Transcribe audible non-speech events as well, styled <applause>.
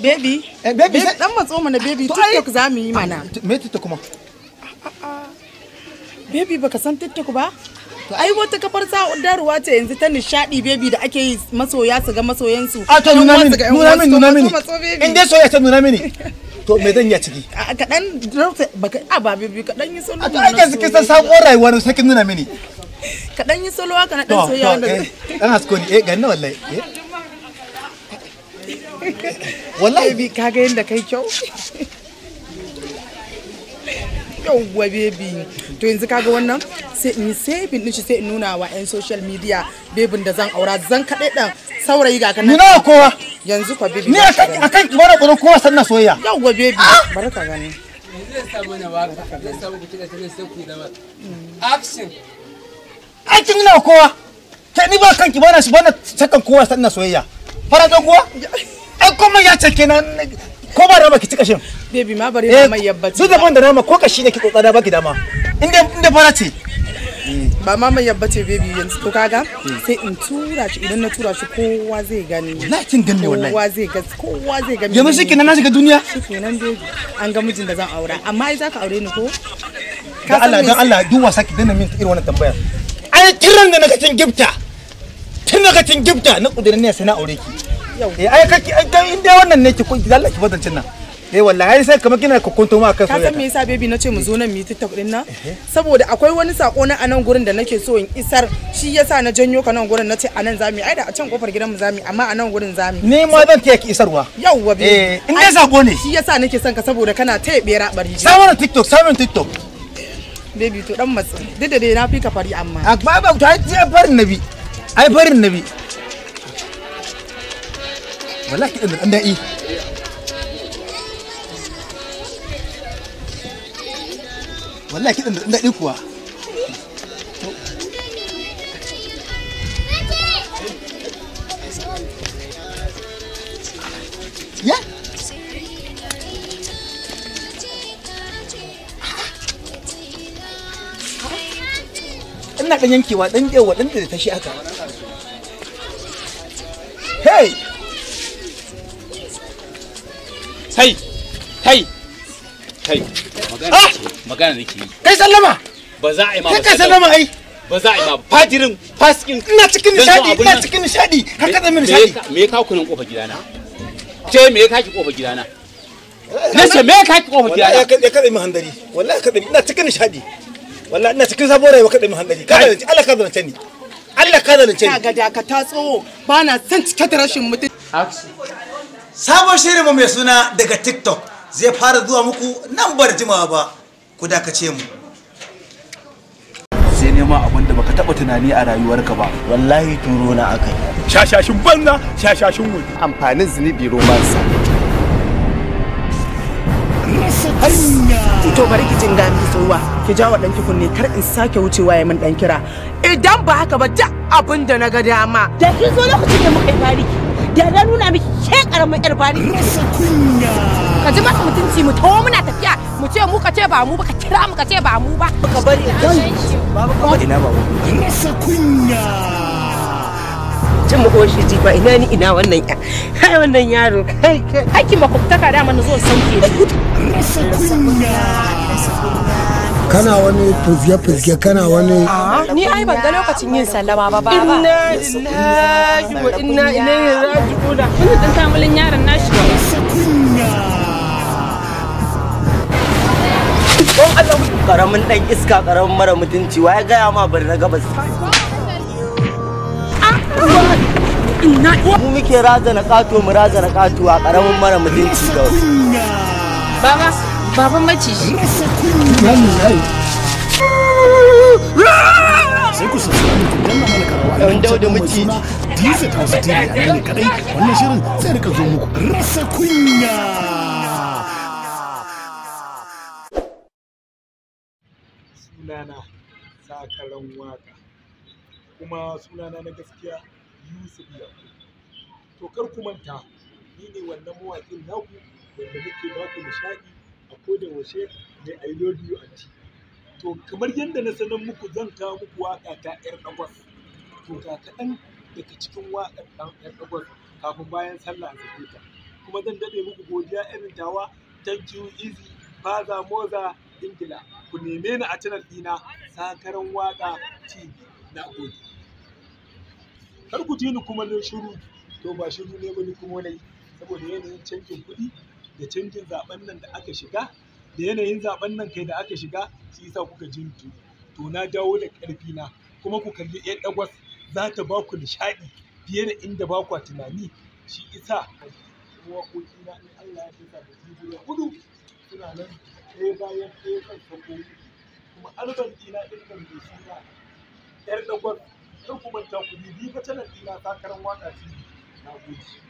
Baby. Eh, baby. Dan matso mana baby TikTok za mu yi mana. Ah, me TikTok kuma? Baby baka san TikTok ba? ai wata kafar sadarwa ce yanzu ta nishadi baby da ake yi masoya su ga masoyansu. A ah, to nuna mini, nuna mini, nuna mini. In dai soyayya ta nuna mini. To me zan yi a ciki? A kaɗan rauta baka a ba baby kaɗan yi solo. A to ai yanzu kin san rayuwa rayuwar sai kin nuna mini. Kaɗan yi solo haka na ɗan soyayya wanda. Dan eh, hasko ni eh ganna wallahi. Eh. wallahi bi kaga yadda kai kyau yauwa bebi to yanzu kaga wannan sai in yi saving shi sai in nuna wa yan social media bebin da zan aura zan kaɗai ɗan saurayi ga kanan nuna kowa yanzu kwa bebi ni a kan mara tsoron kowa sannan soyayya yauwa bebi ah! bari ka gani action action nuna kowa kai ni ba kanki ba na sakan kowa sannan soyayya fara kowa. <laughs> ai eh, kuma ya ce kenan ko ba rama ki ci kashin baby ma bare eh, ma mai yabbaci duk daban da rama ko kashi ne ki kotsada baki dama inda inda fara ce ba ma mai yabbace baby yanzu to kaga sai in tura shi idan na tura shi kowa zai gani na kin ganne wallahi kowa zai gani kowa zai gani yanzu shi kenan na shiga duniya shi kenan baby an ga mijin da zan aura amma ai zaka aure ni ko dan Allah dan Allah duk wasa ki danna min irin wannan tambayar ai kiran da na kacin gifta tun na kacin gifta na kudirin ne sai na aure ki eh ai kake ai in dai wannan ne ki kun Allah ki badancin nan eh wallahi sai kamar kina kokonto ma kai ka san me yasa baby na ce mu zo nan mu tiktok din nan eh, eh. saboda akwai wani sako na anan gurin da nake so in isar shi yasa na janyo ka nan gurin nace anan zamu ai da a can kofar gidan mu zamu amma anan gurin zamu ni ma zan taya ki isarwa yawwa bi eh in dai sako ne shi yasa nake son ka saboda kana taya bera bari samun tiktok samun tiktok baby to dan matsi duk da dai na fi ka fari amma A ba ta ai farin nabi ai farin nabi wallahi ɗin da ɗan daɗi wallahi kuwa ina ɗan yankewa ɗan ɗewa ɗan da ta shi aka hey kai kai kai ah! magana nake yi kai sallama ba za a yi ma kai sallama ai ba za a yi ma fajirin fasikin ina cikin nishadi ina cikin nishadi ka kada min nishadi me ka kunin kofar gidana ce me ka ki kofar gidana na ce me ka ki kofar gidana wallahi ya kada min handari wallahi kada ina cikin nishadi wallahi ina cikin sabon rayuwa kada min handari kada Allah ka zalunce ni Allah ka zalunce ni ga da ka tatso ba na san cike da rashin mutunci sabon shirin mu mai suna daga tiktok zai fara zuwa muku nan bar jimawa ba ku dakace mu sai nema abin da baka taba tunani a rayuwarka ba wallahi turo na akai shashashin banza shashashin wuri amfanin zunubi romansa Fito bari ki jin gami tsohuwa ki jawo dan ki kunne kar in sake wucewa ya min dan kira idan ba haka ba duk abin da na ga dama da kin zo lokacin da muka yi tariki da na nuna miki ke karamin yar bari rasa kunya ka ji masa mutunci mu tawo muna tafiya mu ce mu ka ce ba mu ba ka kira mu ka ce ba mu ba ka bari dan babu kuma ina babu rasa kunya jin makoshi ji ba ina ni ina wannan ya kai wannan yaro kai kai hakki makwabtaka da mana zo sauke rasa kunya rasa kunya kana wani fizge-fizge kana wani ni ai ban ga lokacin yin sallama ba ba inna lillahi wa inna ilaihi raji'un wannan dan kamulin yaron nashi don Allah karamin dan iska karamin mara mutunci ya gaya ma bari na gabas mu muke razana kato mu razana a karamin mara mutunci ga baba baban maciji sai ku subscribe ku danna mana karawa don dauda maciji disa tausa tv a nan kadai wannan shirin sai rika zo muku rasa kunya sunana sakaran waka kuma sunana na gaskiya yusuf yakubu to kar ku manta ni ne wannan mawaƙin naku wanda nake ba ku nishaɗi a koda yaushe da I love you anti. To kamar yadda na sanar muku zan kawo muku waka ta yar dagwas. To ga kaɗan daga cikin waƙar ɗan yar dagwas kafin bayan sallah a ta. Kuma zan daɗe muku godiya irin tawa thank you easy faza moza ingila ku neme ni a canal ɗina sakaran waƙa tv na gode. Kar ku ji ni kuma na shiru to ba shiru ne ba ni kuma wani saboda yanayin canjin kuɗi da canjin zaben nan da aka shiga da yanayin zaben nan kai da aka shiga shi yasa kuka jin to na dawo da karfi na kuma ku kalli ɗan dagwas za ta ba ku nishaɗi fiye da inda ba ku tunani shi isa waƙoƙi na in Allah ya fita da jibi ya hudu suna nan ɗaya bayan ɗaya kan sako kuma alban ɗina ɗin nan shi na yar dagwas kar ku manta ku bibi ta ɗina sakaran waƙa ce na gode